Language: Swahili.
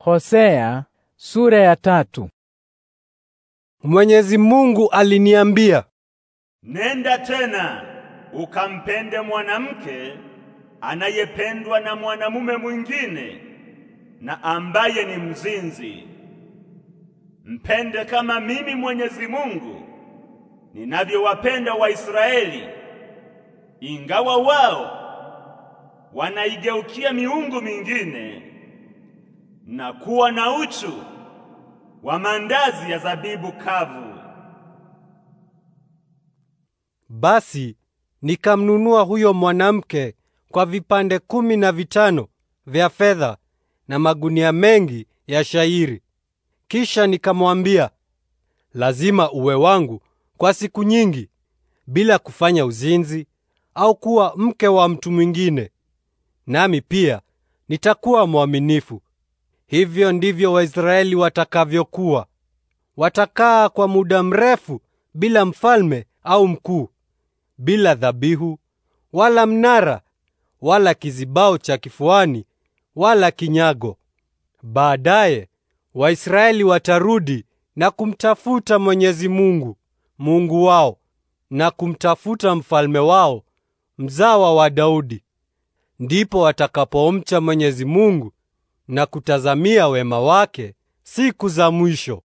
Hosea sura ya tatu. Mwenyezi Mungu aliniambia, nenda tena ukampende mwanamke anayependwa na mwanamume mwingine na ambaye ni mzinzi. Mpende kama mimi Mwenyezi Mungu ninavyowapenda Waisraeli, ingawa wao wanaigeukia miungu mingine na kuwa na uchu wa mandazi ya zabibu kavu. Basi nikamnunua huyo mwanamke kwa vipande kumi na vitano vya fedha na magunia mengi ya shairi. Kisha nikamwambia, lazima uwe wangu kwa siku nyingi bila kufanya uzinzi au kuwa mke wa mtu mwingine, nami pia nitakuwa mwaminifu Hivyo ndivyo Waisraeli watakavyokuwa. Watakaa kwa muda mrefu bila mfalme au mkuu, bila dhabihu wala mnara wala kizibao cha kifuani wala kinyago. Baadaye Waisraeli watarudi na kumtafuta Mwenyezi Mungu, Mungu wao, na kumtafuta mfalme wao, mzawa wa Daudi. Ndipo watakapomcha Mwenyezi Mungu na kutazamia wema wake siku za mwisho.